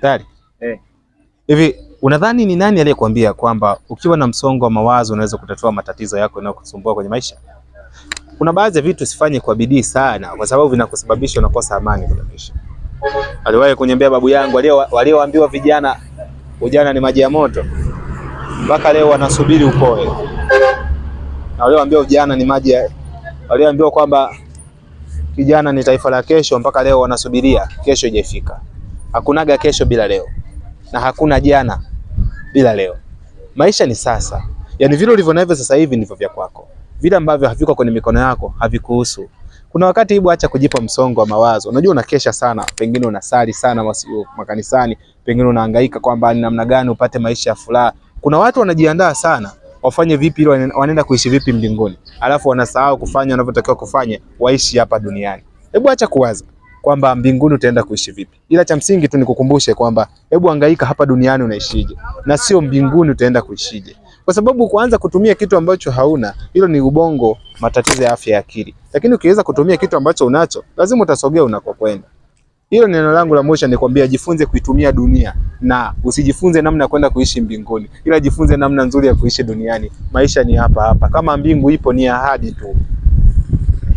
Tayari. Eh. Hivi unadhani ni nani aliyekuambia kwamba ukiwa na msongo wa mawazo unaweza kutatua matatizo yako yanayokusumbua kwenye maisha? Kuna baadhi ya vitu usifanye kwa bidii sana, kwa sababu vinakusababisha unakosa amani kwenye maisha. Aliwahi kuniambia babu yangu, walioambiwa vijana ujana ni maji ya moto, mpaka leo wanasubiri upoe, na walioambiwa ujana ni maji, walioambiwa kwamba Vijana ni taifa la kesho, mpaka leo wanasubiria kesho ijefika. Hakunaga kesho bila leo, na hakuna jana bila leo. Maisha ni sasa, yani vile ulivyo navyo sasa hivi ndivyo vya kwako, vile ambavyo haviko kwenye mikono yako havikuhusu. Kuna wakati hebu acha kujipa msongo wa mawazo. Unajua unakesha sana, pengine unasali sana masio, makanisani, pengine unahangaika kwamba ni namna gani upate maisha ya furaha. Kuna watu wanajiandaa sana wafanye vipi ili wanaenda kuishi vipi mbinguni, alafu wanasahau kufanya wanavyotakiwa kufanya waishi hapa duniani. Hebu acha kuwaza kwamba mbinguni utaenda kuishi vipi, ila cha msingi tu nikukumbushe kwamba hebu hangaika hapa duniani unaishije, na sio mbinguni utaenda kuishije, kwa sababu kuanza kutumia kitu ambacho hauna, hilo ni ubongo, matatizo ya afya ya akili. Lakini ukiweza kutumia kitu ambacho unacho, lazima utasogea unakokwenda. Hilo neno langu la mwisho nikwambia, jifunze kuitumia dunia na usijifunze namna ya kwenda kuishi mbinguni, ila jifunze namna nzuri ya kuishi duniani. Maisha ni hapa hapa, kama mbingu ipo ni ahadi tu.